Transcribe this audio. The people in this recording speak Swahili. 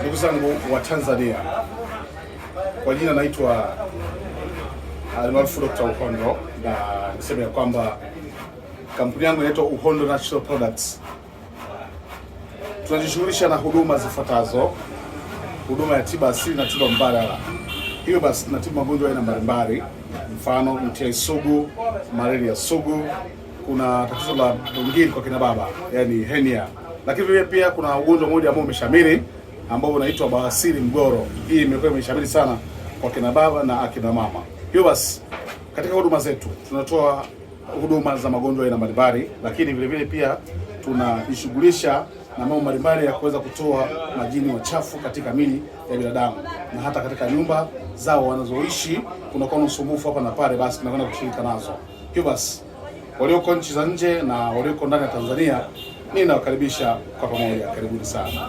Ndugu zangu wa Tanzania, kwa jina naitwa almaarufu Dr. Uhondo, na niseme ya kwamba kampuni yangu inaitwa Uhondo Natural Products. Tunajishughulisha na huduma zifuatazo: huduma ya tiba asili na tiba mbadala. Hiyo basi, tunatibu magonjwa aina mbalimbali, mfano mtia sugu, malaria sugu, kuna tatizo la bungili kwa kina baba, yani henia, lakini vile pia kuna ugonjwa mmoja ambao umeshamiri ambao unaitwa bawasiri mgoro. Hii imekuwa imeshamiri sana kwa kina baba na akina mama. Hiyo basi, katika huduma zetu tunatoa huduma za magonjwa aina mbalimbali, lakini vile vile pia tunajishughulisha na mambo mbalimbali ya kuweza kutoa majini wachafu katika mili ya binadamu na hata katika nyumba zao wanazoishi, kunakuwa na usumbufu hapa na pale, basi tunakwenda kushirika nazo. Hiyo basi, walioko nchi za nje na walioko ndani ya Tanzania, mimi nawakaribisha kwa pamoja, karibuni sana.